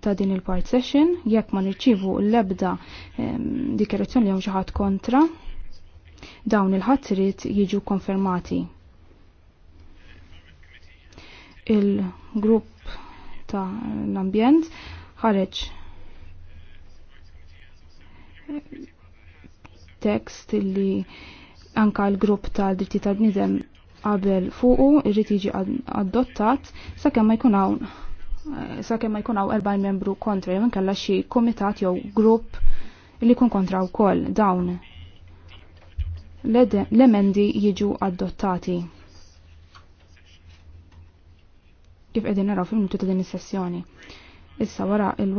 ta' din il-part session, jekk ma nirċivu l-ebda dikjerazzjoni jew xi ħadd kontra, dawn il ħatrit jiġu konfermati. Il-grupp ta' l-ambjent ħareġ tekst li anka l-grupp tal-dritti tal-bnidem qabel fuqu irrid jiġi adottat sakemm ma jkun hawn sakemm ma jkun hawn erba' membru kontra jew inkella xi kumitat jew grupp li jkun kontra wkoll dawn. L-emendi jiġu adottati. Kif qegħdin naraw fil mutu ta' din is-sessjoni. Issa wara il